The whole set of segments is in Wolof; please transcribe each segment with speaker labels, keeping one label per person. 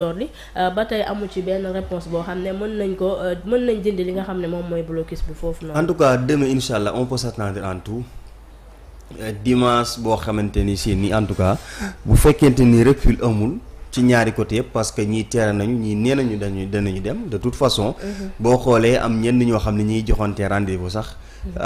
Speaker 1: li euh, ba tey amu ci benn réponse boo xam ne mën nañ ko euh, mën nañ jënd li nga xam ne moom mooy blocus bi foofu noonu. en tout
Speaker 2: cas demain incha allah on peut s'attendre en tout euh, boo xamante ni si ni en tout cas bu fekkente ni recul amul ci ñaari côté yëpp parce que ñii teera nañu ñii nee nañu dañuy danañu dem de toute façon. Mhm. boo xoolee am ñenn ñoo xam ne ñiy joxante rendez-vous sax.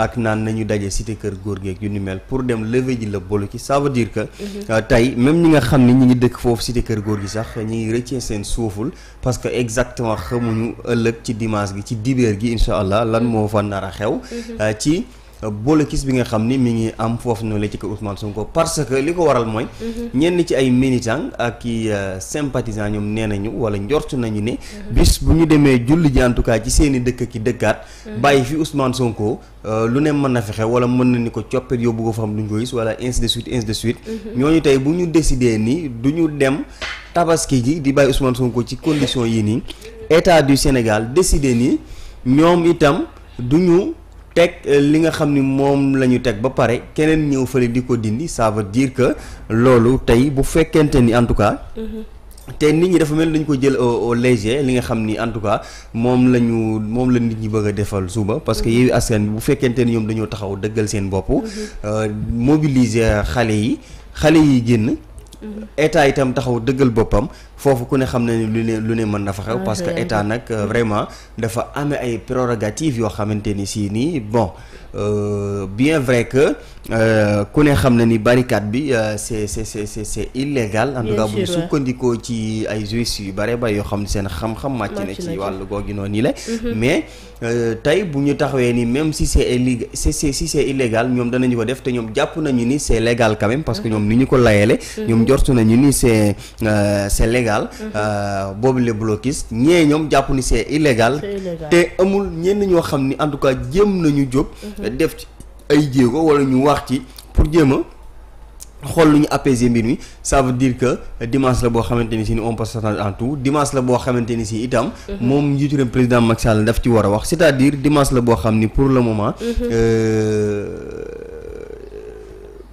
Speaker 2: ak naan nañu daje cité kër góor geeg ñu ni mel pour dem lever ji la bolo ci ça veut dire que euh, tey même ñi nga xam ni ñi ngi dëkk foofu cité kër góor gi sax ñi ngi rëccee seen suuful parce que exactement xamuñu ëllëg ci dimanche gi ci dibeer gi incha allah lan moo fa nar a xew mm-hmm. euh, ci bolokis bi nga xam ni mi ngi am foofu noonu la ci ko Ousmane Sonko parce que li ko waral mooy. ñenn ci ay militants ak i euh, sympathisants ñoom nee nañu wala njort nañu ni bis bu ñu demee julli ji en tout cas ci seen i dëkk ki dëkkaat. bàyyi fi Ousmane Sonko euh, lu ne mën na fexe wala mën na ni ko coppet yóbbu ko fa xam duñ ko gis wala ainsi de suite ainsi de suite. Mhm. ñooñu tey bu ñu desidee ni du ñu dem tabaski ji di bàyyi Ousmane Sonko ci condition yi nii état du Sénégal décidé ni ñoom itam du ñu. teg euh, li nga xam ni moom la ñu teg ba pare keneen ñëw fële di ko dindi ça veut dire que loolu tey bu fekkente ni en tout cas. Mhm. te nit ñi dafa mel ni dañ ko jël o léger li nga xam ni en tout cas moom la ñu moom la nit ñi bëgg a defal suba parce que mhm. Yewwi Askan Wi bu fekkente ni ñoom dañoo taxaw dëggal seen bopp. Mhm. Euh, mobiliser xale yi xale yi génn. Euh, état itam taxaw dëggal boppam foofu ku ne xam ne lu ne lu ne mën na fa xew ah, parce que état nag euh, vraiment dafa amee ay prérogatives yoo xamante ni si nii bon Euh, bien vrai que euh, ku ne xam na ni barricade bi euh, c'est c'est c'est c'est c'est illégal en tout bu ñu sukkandikoo ci ay juristes yu bare ba yoo xam ne seen xam-xam màcc na ci wàllu googu noonu yi la mhm. mais tey bu ñu taxawee ni même si c'est illégal si c'est si c'est ñoom danañu ko def te ñoom jàpp nañu ni c'est légal quand même parce que mhm. ñoom ni ñu ko layele mhm. ñoom jortu nañu ni c'est c'est légal boobu les bloquistes ñee ñoom jàpp ni se illégal te amul ñenn ñoo xam ni en tout cas jéem nañu jóg def ci ay jéego wala ñu wax ci pour jéem a xool lu ñu apaiser mbir mi ça veut que dimanche la boo xamante ni si on peut s'attendre en tout dimanche la boo xamante ni si itam. Mhm. moom njiitu réew président mac Sall daf ci war a wax c'est-à-dire dimanche la boo xam ni pour le moment. Mhm. Euh,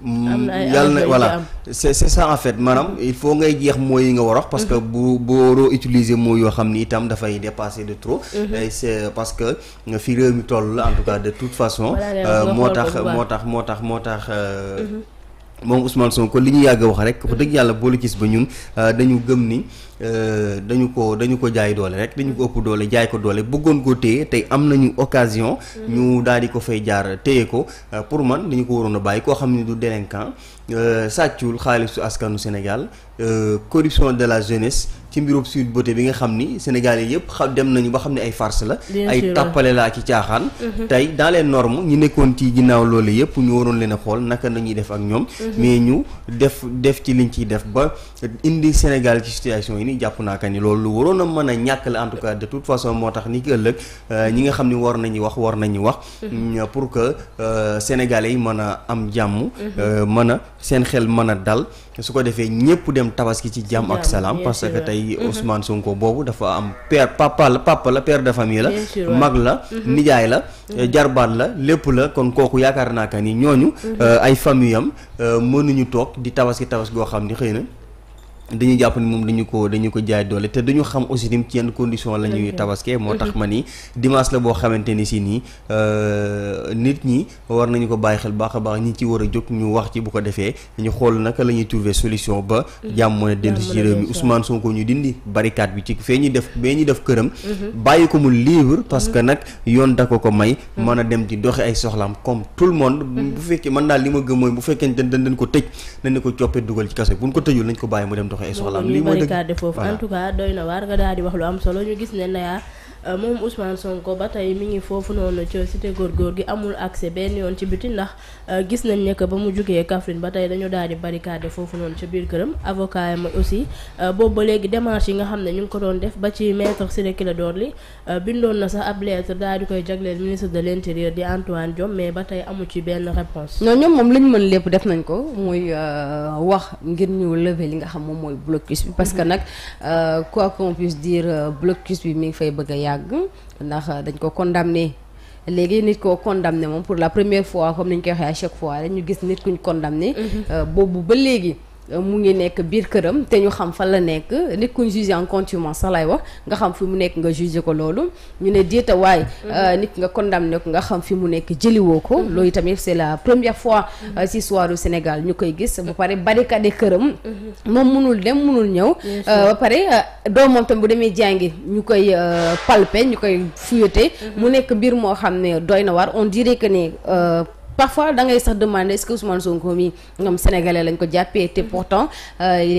Speaker 1: Mm, yàlla na voilà
Speaker 2: c'est c'est ça en fait maanaam il faut ngay jeex moo yi nga war a wax parce que mm-hmm. bu booroo utiliser moo yoo xam ni itam dafay dépasser de trop mm-hmm. c'est parce que fi réew mi toll la en tout cas de toute façon euh, moo tax moo tax moo tax euh, moo mm-hmm. tax moom Ousmane Sonko li ñu yàgg wax rek wax dëgg yàlla boolu gis ba ñun euh, dañu gëm ni euh, dañu ko dañu ko jaay doole rek dañu ko ëpp doole jaay ko doole bëggoon koo téye tey am nañu occasion mm-hmm. ñu daal di ko fay jaar téye ko euh, pour man dañu ko waroon a bàyyi koo xam ne du délinquant sàccul xaalisu askanu Sénégal corruption de la jeunes ci mbiru Sweet Beauté bi nga xam ni Sénégalais yëpp dem nañu ba xam ne ay farce la ay tàppale la ci caaxaan mhm. tey dans norme normes ñi nekkoon ci ginnaaw loolu yëpp ñu waroon leen a xool naka nañuy def ak ñoom mhm. mais ñu def def ci liñ ciy def ba indi Sénégal ci situation yi ni jàpp naa ka ni loolu waroon a mën a ñàkk la en tout cas de toute façon moo tax ni ki ëllëg euh, ñi nga xam ni war nañu wax war nañu wax mhm. mm, pour que euh, Sénégalais yi mën a am jàmm euh, mën a seen xel mën a dal su ko defee ñëpp dem tabaski ci jàmm ak salaam parce que tey mhm. Ousmane Sonko boobu dafa am per papa la papa la père de famille la mag la mhm. nijaay la mhm. euh, jarbaat la lépp la kon kooku yaakaar naa ka ni ñooñu euh, ay famille am euh, mënuñu toog di tabaski tabaski goo xam ni xëy na dañuy jàpp ni moom dañu ko dañu ko jaay doole te dañu xam aussi ci yenn condition la tabaske moo tax mhm. ma ni dimanche la boo xamante ni si nii euh, nit ñi war nañu ko bàyyi xel baax a baax ñi ci war a jóg ñu wax ci bu ko defee ñu xool naka la ñuy trouver solution ba mhm. jàmm mën a dellu si ci réew mi Ousmane Sonko ñu dindi barricade bi ci fee ñuy def bee ñuy def këram mhm. bàyyi ko mu libre parce que nag yoon da ko ko may mën a dem di doxi ay soxlaam comme tout monde bu fekkee ma gëm mooy bu fekkee dañ dañ ko tëj nañ ko coppee dugal ci kaso bu ñu ko doxee soxlaam lii mooy dëgg en tout
Speaker 1: cas doy na waar nga daal di wax lu am solo ñu gis ne Ndaya Euh, moom Ousmane Sonko ba tey mi ngi foofu noonu ca cité góor gi amul accès benn yoon ci biti ndax euh, gis nañ ne que ba mu jugee Kaffrine ba tey dañu daal di barricade foofu noonu ca biir këram avocat ma aussi euh, boobu ba léegi démarche yi nga xam ne ñu ngi ko doon def ba ci maître Ciré Clédor Ly bindoon na sax ab lettre daal di koy jagleel ministre de l'intérieur di Antoine Diome mais ba tey amu ci benn réponse non
Speaker 3: ñoom moom li mën lépp def nañ ko muy wax ngir ñu lever li nga xam moom mooy blocus bi parce que mhm. nag quoi qu'on puisse dire blocus bi ngi fay bëgg yàgg ndax dañ ko condamné léegi nit koo condamné moom pour la première fois comme ni ñu koy waxee à chaque fois rek ñu gis nit kuñ condamné mhm. euh, boobu ba léegi mu ngi nekk biir këram te ñu xam fan la nekk nit kuñ jugé en contumace sax lay wax nga xam fi mu nekk nga jugé ko loolu ñu ne déeta waay mhm. euh, nit nga kon condamné ko nga xam fi mu nekk jëliwoo ko mhm. loolu tamit c'est la première fois mhm. euh, ci histoire du Sénégal ñu koy gis ba pare barricade këram moom mënul dem mënul ñëw euh, ba pare doomam tam bu demee jàngi ñu koy palpe ñu koy fuyate mu nekk mbir moo xam ne doy na war on dirait que ne parfois da ngay sax demander est-ce que Ousmane Sonko mi ñoom sénégalais lañ ko jàppee te pourtant euh, il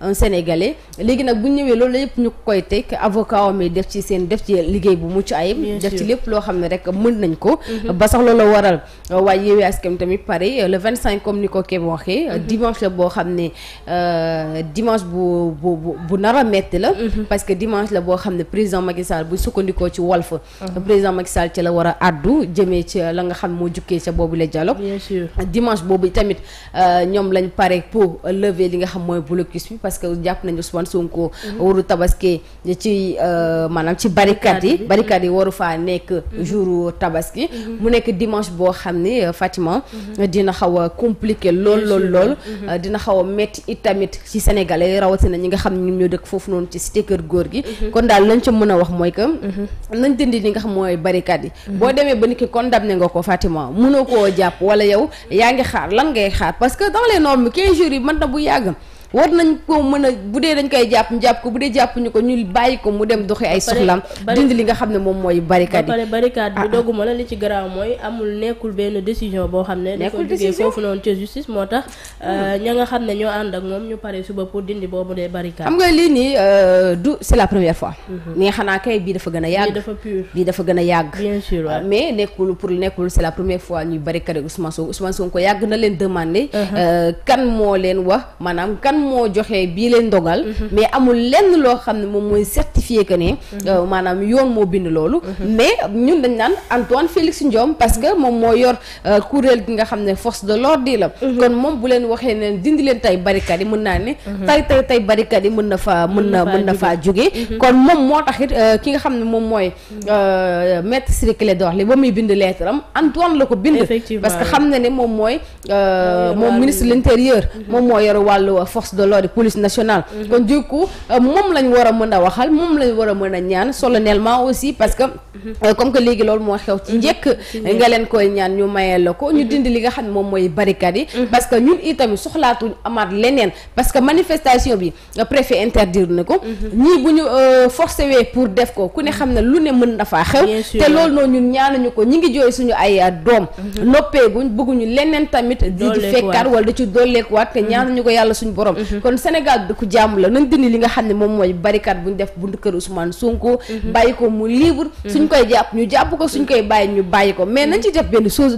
Speaker 3: en sénégalais léegi nag bu ñëwee loolu yëpp ñu koy teg avocat am yi def ci seen def ci liggéey bu mucc ayib def ci lépp loo xam ne rek mën nañ ko mhm. ba sax loolu waral euh, waaye Yewwi Askan Wi tamit pare euh, le vingt cinq comme ni ko Kébé waxee euh, mhm. dimanche la boo xam ne dimanche bu bu bu nar a metti mhm. parce que dimanche boo xam ne président Macky bu sukkandikoo ci Walf président Macky Sall ci la war a àddu jëmee ci la nga xam moo jukkee ca boobu la dialogue bien sûr dimanche boobu tamit ñoom lañ pare pour lever li nga xam mooy blocus parce que jàpp nañu Ousmane Sonko mhm. waru tabaski ci euh, maanaam ci barricade yi barricade mhm. yi waru faa nekk mhm. jour tabaski mu nekk dimanche boo xam ne euh, Fatima dina xaw a compliqué lool lool lool euh, dina xaw a metti itamit ci sénégalais rawatina ñi nga xam ne ñoom ñoo dëkk foofu noonu ci cité kër góor gi kon daal lañ ca mën a wax mooy que nañ dindi li nga xam mooy barricade yi boo demee ba nit ki condamné nga ko fatiment mun mënoo ko jàpp wala yow yaa ngi xaar lan ngay xaar parce que dans les normes 15 yi mën na bu yàgg war nañ ko mën a bu dee dañ koy jàpp jàpp ko bu dee jàpp ñu ko ñu bàyyi ko mu dem doxi ay soxlam dindi li nga xam ne moom mooy barricade
Speaker 1: yi barricade bi ah, ah. dogguma la li ci garaaw mooy amul nekkul benn décision boo xam ne dafa moo tax hmm. euh, ña nga xam ne ñoo ànd ak moom ñu pare suba pour dindi boobu dee barricade xam nga lii
Speaker 3: nii euh, du c'est la première fois hmm. mais xanaa kay bii dafa gën a yàgg dafa pur bii dafa gën a yàgg bien sûr mais nekkul pour nekkul c'est la première fois ñuy barricade Ousmane Sonko Ousmane Sonko yàgg na leen demander hmm. euh, kan moo leen wax maanaam kan kan moo joxe bii leen ndogal mhm. mais amul lenn loo xam ne moom mooy certifié que ne mhm. euh, maanaam yoon moo bind loolu mhm. mais ñun dañ naan Antoine Félix Ndiome parce que moom moo yor euh, kuréel gi nga xam ne force de l'ordre yi la moom bu leen waxee ne dindi leen tey barricade yi mën naa ne tey tey tey yi mën na faa mën na mën na faa jóge kon moom moo taxit euh, ki nga xam ne moom mooy maître Ciré Clédor Ly ba muy bind lettre am Antoine la ko bind parce que xam na ne moom mooy ministre l'intérieur moom moo yor wàllu force force de police nationale mhm. euh, a a a a ñaan solennellement aussi mhm. euh, comme que léegi loolu moo xew mhm. ci njëkk nga leen koy ñaan ñu mayee la ko ñu dindi li nga xam ne moom mooy barricade yi parce que ñun itamit soxlaatuñ amaat leneen parce que manifestation bi euh, préfet interdire na ko ñii bu ñu forcé wee pour def ko ku ne xam ne lu ne mën dafaa xew te loolu noonu ñun ñaanuñu ko ñi ngi jooy suñu ay doom noppeeguñ bëgguñu leneen tamit di fekkaat wala da ci dolleekuwaat te ñaanuñu ko yàlla suñu borom Mhm. kon Sénégal dëkku jàmm la nañ dindi li nga xam ne moom mooy barricade bu ñu def buntu kër Ousmane Sonko mhm. bàyyi ko mu libre mhm. suñ koy jàpp ñu jàpp ko suñ koy bàyyi ko mais nañ ci def benn chose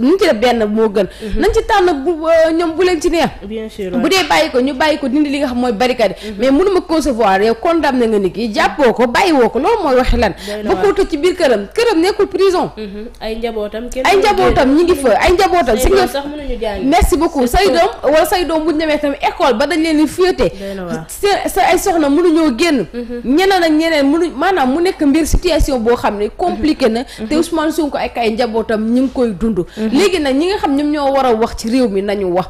Speaker 3: nga nit ki jàppoo ko bàyyi woo ko loolu mooy waxi lan ba koo tëj ci biir këram këram nekkul prison
Speaker 1: ay njabootam ñi ngi fa ay njabootam si nga merci ñu
Speaker 3: demee ba dañ leen féete sa sa ay soxna mënuñoo génn mhm. ñeneen ak ñeneen mënuñ maanaam mu nekk mbir situation boo xam ne mhm. compliqué na mhm. te Ousmane ko ak ay njabootam ñu ngi koy dund léegi nag ñi nga xam ñoom ñoo war a wax ci réew mi nañu wax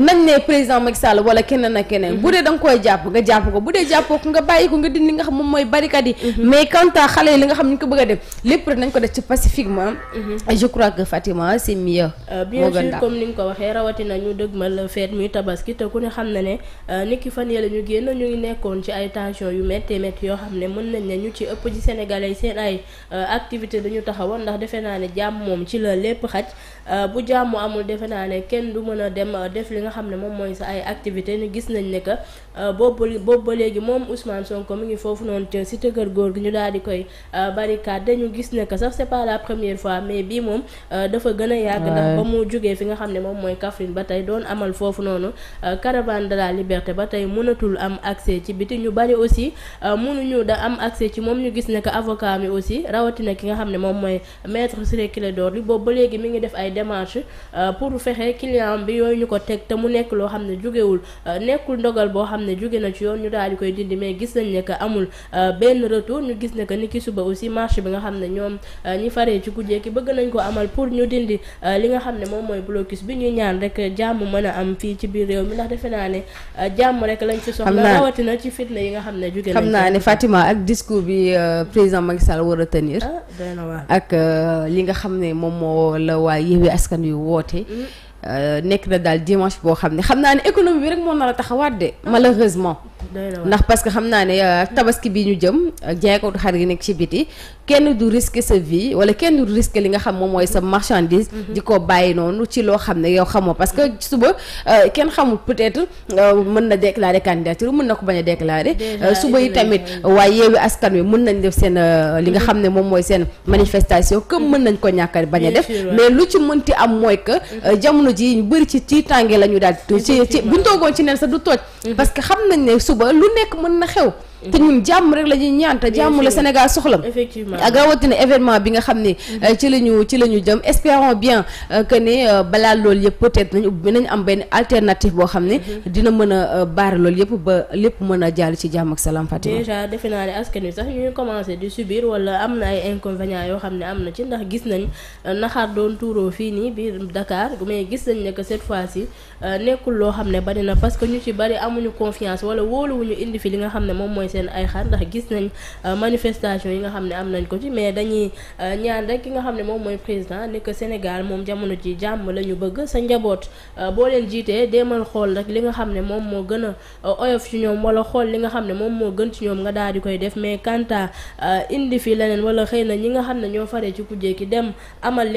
Speaker 3: nañ ne président Macky Sall wala keneen ak keneen bu dee da koy jàpp nga jàpp ko bu dee jàppoo ko nga bàyyi ko nga dindi nga xam moom mooy barricade yi mhm. mais quant à xale yi li nga xam ni ñu ko bëgg a def lépp rek nañ ko def ci pacifiquement mhm. je crois que Fatima c'est mieux euh, bien sûr
Speaker 1: ni nga ko waxee rawatina ñu dëgmal feet muy tabaski te ku ne xam na ne euh, nit ki fan yële ñu génn ñu nekkoon ci ay tension yu mettee métti yoo xam ne mën nañ ne ñu ci ëpp ci Sénégalais yi seen ay euh, activité dañu taxawoon ndax defe naa ne jàmm moom ci la lépp xaj bu jàmm amul defe naa ne kenn du mën a dem def nga xam ne moom mooy sa ay activité ni gis nañ ne que euh, léegi moom Ousmane Sonko mu ngi foofu noonu ci cité góor gi ñu daal di koy euh, barricade dañu gis ne que sax c'est pas la première fois mais bii moom euh, dafa gën a yàgg ndax ba mu jógee fi nga xam ne moom mooy Kaffrine ba tey doon amal foofu noonu caravane de la liberté ba tey mënatul am accès ci biti ñu bari aussi mënuñu da am accès ci moom ñu gis ne que avocat mi aussi rawatina ki nga xam ne moom mooy maître Ciré Clédor Ly boobu ba léegi mi ngi def te mu nekk loo xam ne jugewul euh, nekkul ndogal boo xam ne jóge na ci yoon ñu daal di koy dindi mais gis nañ ne que amul euh, benn retour ñu gis ne que ni ki suba aussi marché bi nga xam ne ñoom euh, ñi faree ci kujje ki bëgg nañ ko amal pour ñu dindi li nga xam ne moom mooy blocus bi ñuy ñaan rek jàmm mën am fii ci biir réew mi ndax defe naa ne jàmm rek lañ ci soxla rawatina ci fitna yi nga xam ne jóge xam naa ne Fatima
Speaker 3: ak discours bi président Macky Sall war a tenir ah, ak li nga xam ne moom moo la waa Yewwi Askan Wi woote mm. Euh, nekk na daal dimanche boo xam ne xam naa ne économie bi rek moo nar a taxawaat de malheureusement ndax parce que xam naa ne euh, tabaski bi ñu jëm euh, jaaykatu xar yi nekk ci biti kenn du risquer sa vie wala kenn du risquer li nga xam moom mooy sa marchandise mhm. di ko bàyyi noonu ci loo xam ne yow xamoo parce que suba euh, kenn xamul peut-être mën na déclarer candidature mën na ko bañ a déclarer suba yi tamit waaye yeewi askan wi mën nañ def seen li nga mhm. xam ne moom mooy seen mhm. manifestation comme mën nañ ko ñàkk bañ a def mais lu ci mënti am mooy que jamono ji ñu bëri ci ci tànge la ñu daal ci ci ci neen sax du tooj parce xam nañ ne suba lu nekk mën na xew te ñun jàmm rek la ñuy ñaan jàmm la Sénégal soxla
Speaker 1: effectivement ak rawatina
Speaker 3: événement bi nga xam ne mm-hmm. euh, ci la ñu ci la ñu jëm espérons bien euh, que ne euh, balaa loolu yëpp peut-être nañu am benn alternative boo xam ne mm-hmm. dina mën a baare yëpp ba lépp mën a jàll ci jàmm ak
Speaker 1: defe naa ne askan wi sax ñu commencé di subir wala am na ay inconvénients yoo xam ne am na ci ndax gis nañ naxaar doon tuuroo fii nii biir Dakar mais gis nañ ne que cette fois-ci nekkul loo xam ne bari na parce que ñu ci bari amuñu confiance wala wóoluwuñu indi fi li nga xam ne moom mooy seen ay xar ndax gis nañ euh, manifestation yi nga xam ne am nañ ko ci mais dañuy euh, ñaan rek ki nga xam ne moom mooy président ni que Sénégal moom jamono ji jàmm la ñu bëgg sa njaboot euh, boo leen jiitee demal xool rek li nga xam ne moom moo gën a oyof ci ñoom wala xool li nga xam ne moom moo gën ci ñoom nga daal di koy def mais kanta indi fi leneen wala xëy na ñi nga xam ne ñoo fare ci kujje ki dem amal